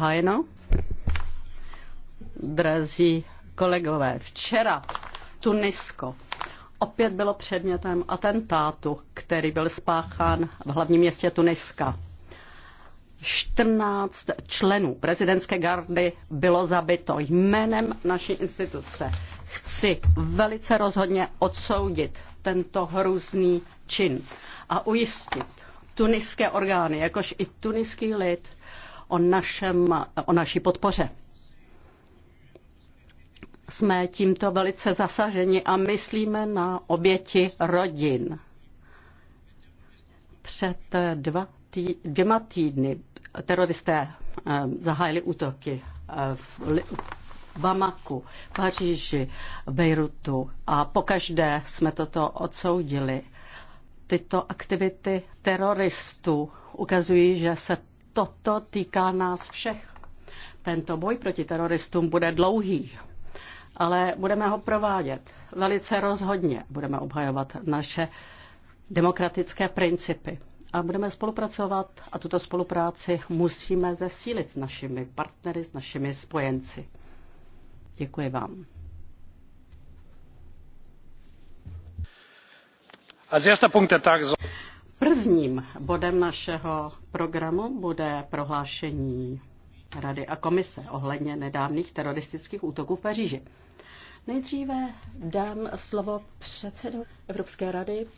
hájeno. Drazí kolegové, včera Tunisko opět bylo předmětem atentátu, který byl spáchán v hlavním městě Tuniska. 14 členů prezidentské gardy bylo zabito jménem naší instituce. Chci velice rozhodně odsoudit tento hrůzný čin a ujistit tuniské orgány, jakož i tuniský lid, o, našem, o naší podpoře. Jsme tímto velice zasaženi a myslíme na oběti rodin. Před dva tý, dvěma týdny teroristé eh, zahájili útoky eh, v, Bamaku, Paříži, Bejrutu a pokaždé jsme toto odsoudili. Tyto aktivity teroristů ukazují, že se toto týká nás všech. Tento boj proti teroristům bude dlouhý, ale budeme ho provádět velice rozhodně. Budeme obhajovat naše demokratické principy a budeme spolupracovat a tuto spolupráci musíme zesílit s našimi partnery, s našimi spojenci. Děkuji vám. Als erster Punkt der Tagesordnung bodem našeho programu bude prohlášení Rady a komise ohledně nedávných teroristických útoků v Paříži. Nejdříve dám slovo předsedu Evropské rady.